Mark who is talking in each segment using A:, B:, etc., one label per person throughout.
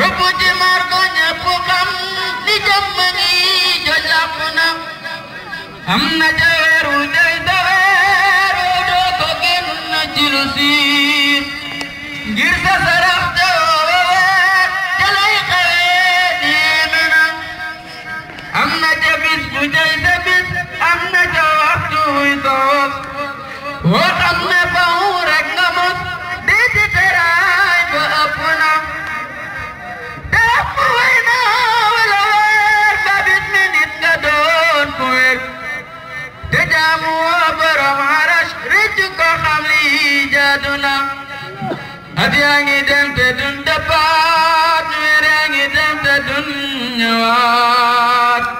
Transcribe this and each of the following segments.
A: yóbbu ji mar ko ñëpp xam di jëmm ni jo jàpp na am na jaweeru day daweeru doo ko génn na ci lu siir ngir sa sara ku jey tamit am na ca waxtu wuy soos woo xam ne faw rek nga mos di ci teraay ba ëpp na def way na wala weer ba bis mi nit nga doon ku wér te jaamu woo borom arash rëccu ko xam li jaadu na at yaa ngi dem te dun dëppaat weer yaa ngi dem te dun ñëwaat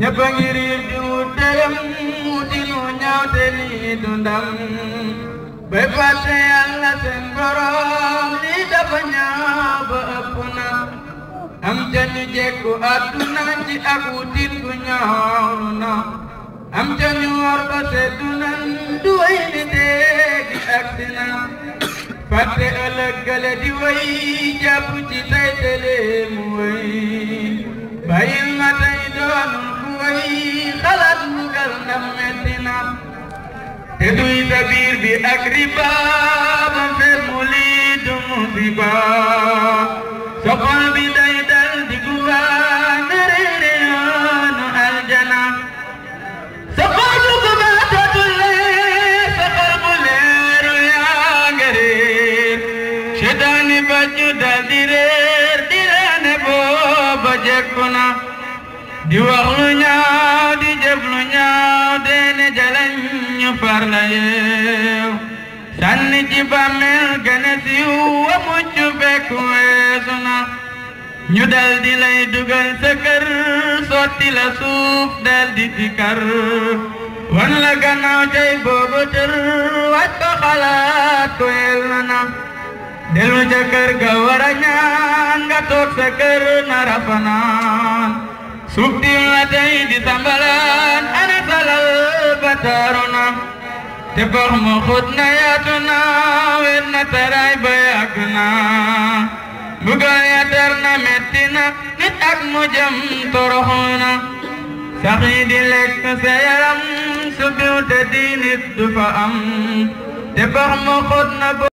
A: ñëpp a ngi riir di wut dërëm wuti lu ñaaw te lii du ndam bay fàtte yàlla seen borom lii dafa ñaaw ba ëpp am ca ñu jekku àdduna ci ak wutin bu na am ca ñu war ba seddu nan du way ni déegi agsi na fàtte ëllëg gële di way jàpp ci tay tele دوی دبیر بی اقربا من مولید مصیبا سقا بی دیدن دگوا نریریان الجنا سقا دگوا تدلی سقا مولیر یا گریر شدان بچو دلدیر دیران بو بجکنا دی وغلو نیا دی جبلو نیا Parlaye la yeew sànni ci bàmmeel gën a siiw wa mucc ñu dal di lay dugal sa kër sotti la suuf dal di sikar wan la gannaaw cay boobu tër waaj ko xalaat ko yell na delu ca kër ga war ñaan nga toog sa kër na suuf di tambalan تبرم خدنا ياتنا وإن تراي بياكنا بقى يترنا متنا نتاك مجم ترحونا سخيد لك سيرم سبيوت دين الدفأم تبرم خدنا